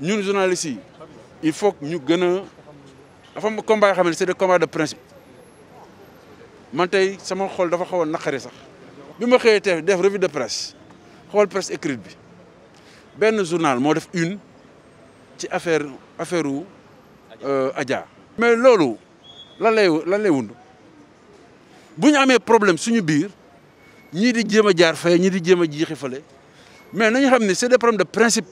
Nous journalistes ici, il faut que nous gën le combat de principe man sama xol dafa un sax de presse presse écrite bi journal mo une affaire affaire euh, Adja. mais c'est lan lay lan bu nous... amee problème problèmes biir di jaar mais c'est des problèmes de principe.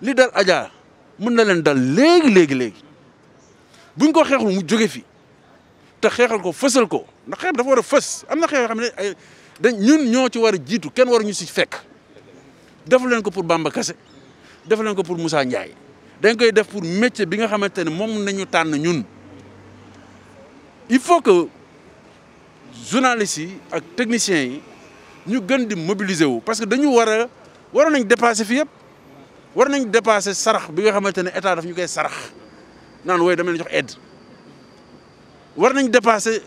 li dal ajaa mën na leen dal léegi léegi léegi buñ ko xeexul mu jóge fi te xeexal ko fësal ko ndax xeex dafa war a fës am na xeex yoo xam ne ay dañ ñun ñoo ci war a jiitu kenn waruñu si fekk. def leen ko pour Bamba Kassé def leen ko pour Moussa Ndiaye dañ koy def pour métier bi nga xamante ne moom nañu tànn ñun il faut que journalistes yi ak techniciens yi ñu gën di mobiliser wu parce que dañu war a waroon nañ dépasser fi yëpp. war nañ dépasser sarax bi nga xamantene état daf ñu koy sarax nan way dama leen jox aide war nañ dépasser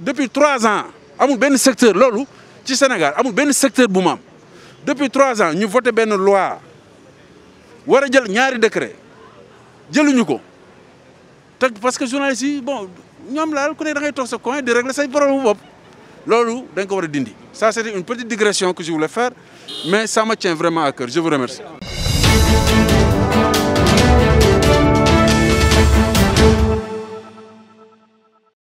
depuis trois ans amul ben secteur lolu ci Sénégal amul ben secteur bu maam depuis trois ans ñu voté ben loi wara jël ñaari décret jëluñu ko te parce que journaliste bon ñom laal ku ne da ngay toog sa coin di régler say problème bop lolu loolu dañ ko wara dindi ça c'était une petite digression que je voulais faire mais ça me tient vraiment à cœur je vous remercie Thank you.